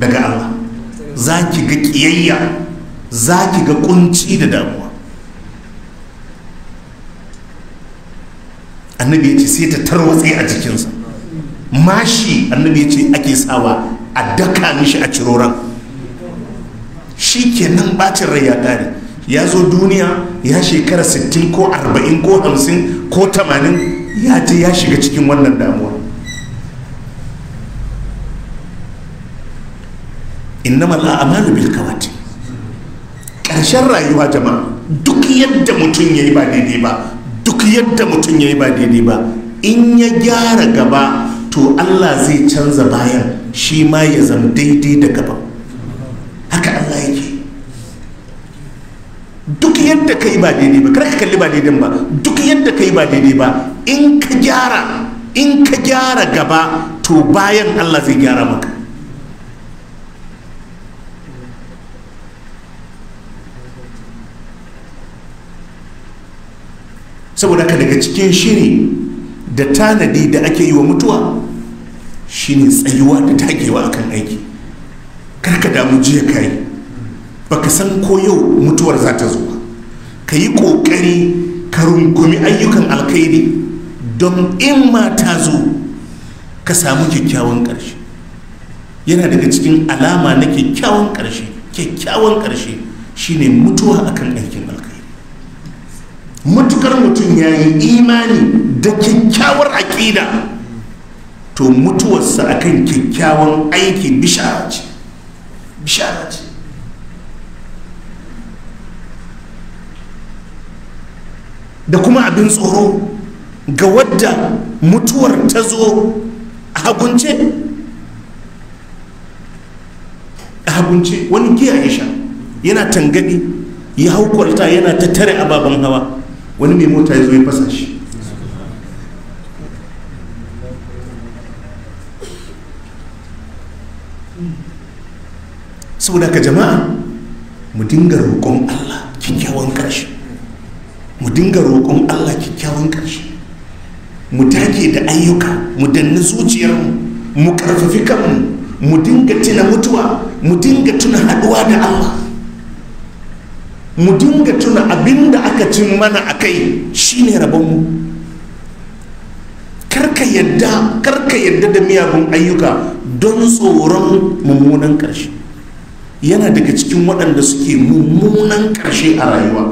daga Allah za ki ga kiyayya za ki ga kunci da damuwa annabi ya ce sai ta tarwatse a jikinsa mashi annabi ya ce ake sawa a daka mishi a ciroran shi kenan bacin rai ya kare ya zo duniya ya shekara 60 ko 40 ko 50 ko 80 ya je ya shiga cikin wannan damuwa innama al'amalu bil kawati ƙarshen rayuwa jama'a duk yadda mutum ya yi ba daidai ba duk yadda mutum ya yi ba daidai ba in ya gyara gaba to Allah zai canza bayan shi ma ya zama daidai da gaba haka Allah yake duk yadda ka yi ba daidai ba kar ka kalli ba daidai ba duk yadda ka yi ba daidai ba in ka gyara in ka gyara gaba to bayan Allah zai gyara maka saboda ka daga cikin shiri da tanadi da ake yi wa mutuwa shine tsayuwa da tagewa akan aiki karka damu jiya kayi baka san ko yau mutuwar za ta zo ka yi kokari ka rungumi ayyukan alkhairi don in ma ta zo ka samu kyakkyawan ƙarshe yana daga cikin alama na kyakkyawan ƙarshe kyakkyawan ƙarshe shine mutuwa akan aikin matukar mutum ya yi imani da kyakkyawar aƙida to mutuwarsa akan kyakkyawan aiki bishara ce bishara ce da kuma abin tsoro ga wadda mutuwar ta zo a hagunce a hagunce wani giya ya yana tangaɗi ya hau yana ta tare ababen hawa wani mai mota ya zo ya fasa shi saboda ka jama'a mu dinga roƙon allah kyakkyawan ƙarshe mu dinga roƙon allah kyakkyawan ƙarshe mu dage da ayyuka mu danna zuciyarmu mu ƙarfafi kanmu mu dinga tuna mutuwa mu dinga tuna haɗuwa da allah mu dinga tuna abin da aka cin mana a kai shine rabonmu karka yadda karka yadda da miyagun ayyuka don tsoron mummunan karshe yana daga cikin waɗanda suke mummunan karshe a rayuwa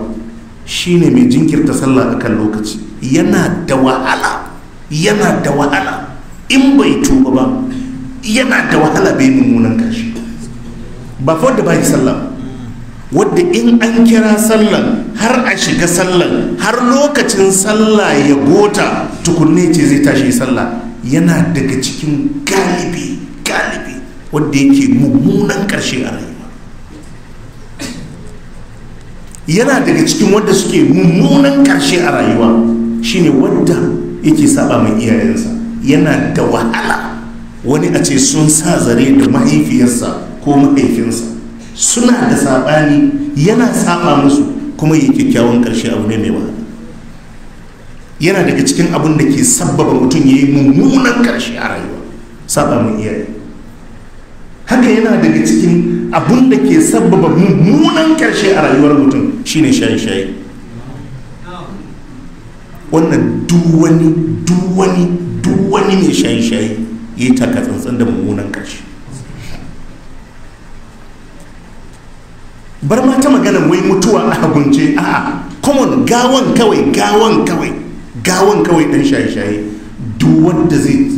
shine mai jinkirta sallah akan lokaci yana da wahala yana da wahala in bai tuba ba yana da wahala bai mummunan karshe ba fa da bai sallah wadda in an kira sallan har a shiga sallan har lokacin sallah ya gota tukunne ce zai tashi sallah yana daga cikin galibi galibi wadda yake mummunan karshe a rayuwa yana daga cikin wadda suke mummunan karshe a rayuwa shine wadda yake saba mai iyayensa yana da wahala wani a ce sun sa zare da mahaifiyarsa ko mahaifinsa suna da saɓani yana saɓa musu kuma yi kyakkyawan ƙarshe abu ne mai wahala yana daga cikin abin da ke sabbaba mutum ya yi mummunan ƙarshe a rayuwa saɓa mai iyaye haka yana daga cikin abin da ke sabbaba mummunan ƙarshe a rayuwar mutum shine shaye-shaye wannan duwani duwani duwani mai shaye-shaye ya yi takatsantsan da mummunan ƙarshe bar ma ta magana wai mutuwa a hagunce a'a common gawan kawai gawan kawai gawan kawai dan shaye-shaye duwadda zai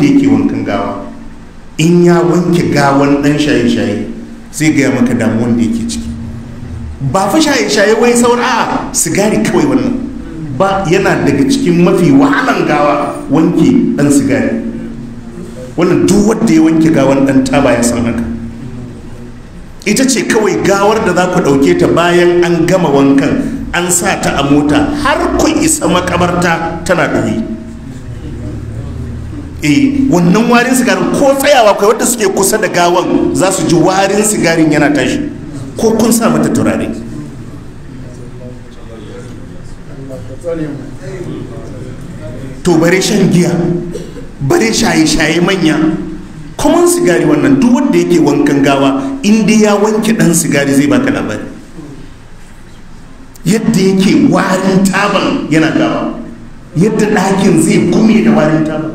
yake wankan gawa in ya wanke gawan dan shaye-shaye zai gaya maka damuwan da yake ciki ba fa shaye-shaye wai saur a sigari kawai wannan ba yana daga cikin mafi wahalan gawa wanke dan sigari wannan duk wanda ya wanke gawan dan taba ya san haka ita ce kawai gawar da za ku ɗauke ta bayan an gama wankan an sa ta a mota har ku isa makabarta tana ɗoyi eh wannan warin sigarin ko tsayawa kai wadda suke kusa da gawan za su ji warin sigarin yana tashi ko kun sa mata turare to bare shan giya bare shaye-shaye manya common sigari wannan duk wanda yake wankan gawa inda ya wanke dan sigari zai baka labari yadda yake warin taban yana gawa yadda ɗakin zai gume da warin taban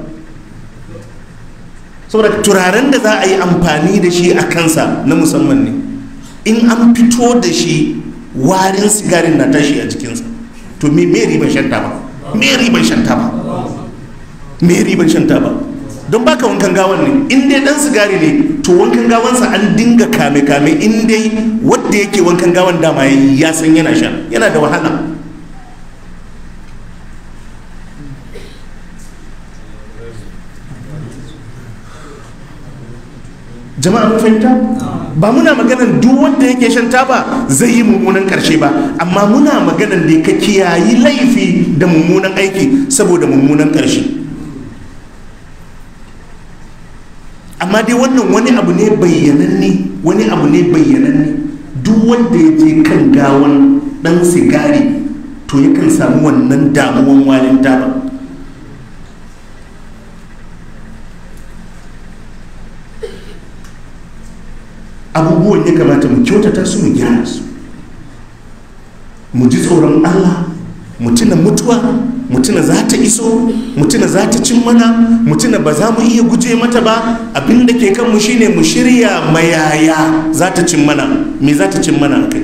saboda turaren da za a yi amfani da shi a kansa na musamman ne in an fito da shi warin sigarin na tashi a jikinsa to me ban shan taba me ban shan taba me ban shan taba don baka wankan gawan ne in dai dan sigari ne to wankan gawansa an dinga kame kame in dai wanda yake wankan gawan dama ya san yana sha yana da wahala jama'a mun fahimta ba muna maganan duk wanda yake shan taba zai yi mummunan karshe ba amma muna maganan da ka kiyayi laifi da mummunan aiki saboda mummunan karshe amma dai wannan wani abu ne bayyananne wani abu ne bayyananne duk wanda ya je kan gawan dan sigari to kan samu wannan damuwan walin daban abubuwan ya kamata mu kyautata su mu gyara su mu ji tsoron allah mu tuna mutuwa mutuna za ta iso mutuna za ta cin mana mutuna ba za mu iya guje mata ba abin da ke kanmu shine mu shirya mayaya za ta cin mana me za ta cin mana kai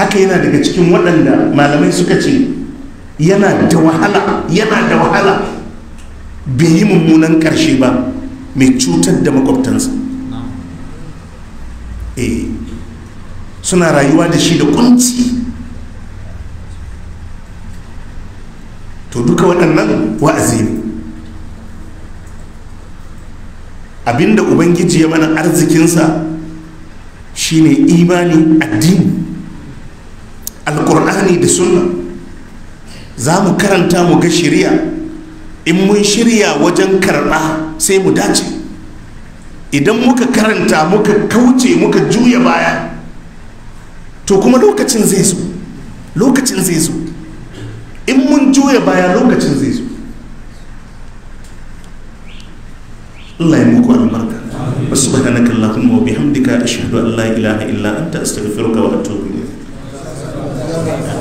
haka yana daga cikin waɗanda malamai suka ce yana da wahala yana da wahala bai yi mummunan ƙarshe ba mai cutar da makwabtansa eh suna rayuwa da shi da kunci to duka waɗannan wa'azi ne abinda ubangiji ya mana arzikinsa shine imani addini alkur'ani da sunna za mu karanta mu ga shirya in mun shirya wajen karɓa sai mu dace idan muka karanta muka kauce muka juya baya to kuma lokacin zai zo lokacin zai zo in mun juya baya lokacin zai zo Allah ya muku albarka wasu bakanaka Allahumma wa bihamdika ashhadu an la ilaha illa anta astaghfiruka wa atobi ne.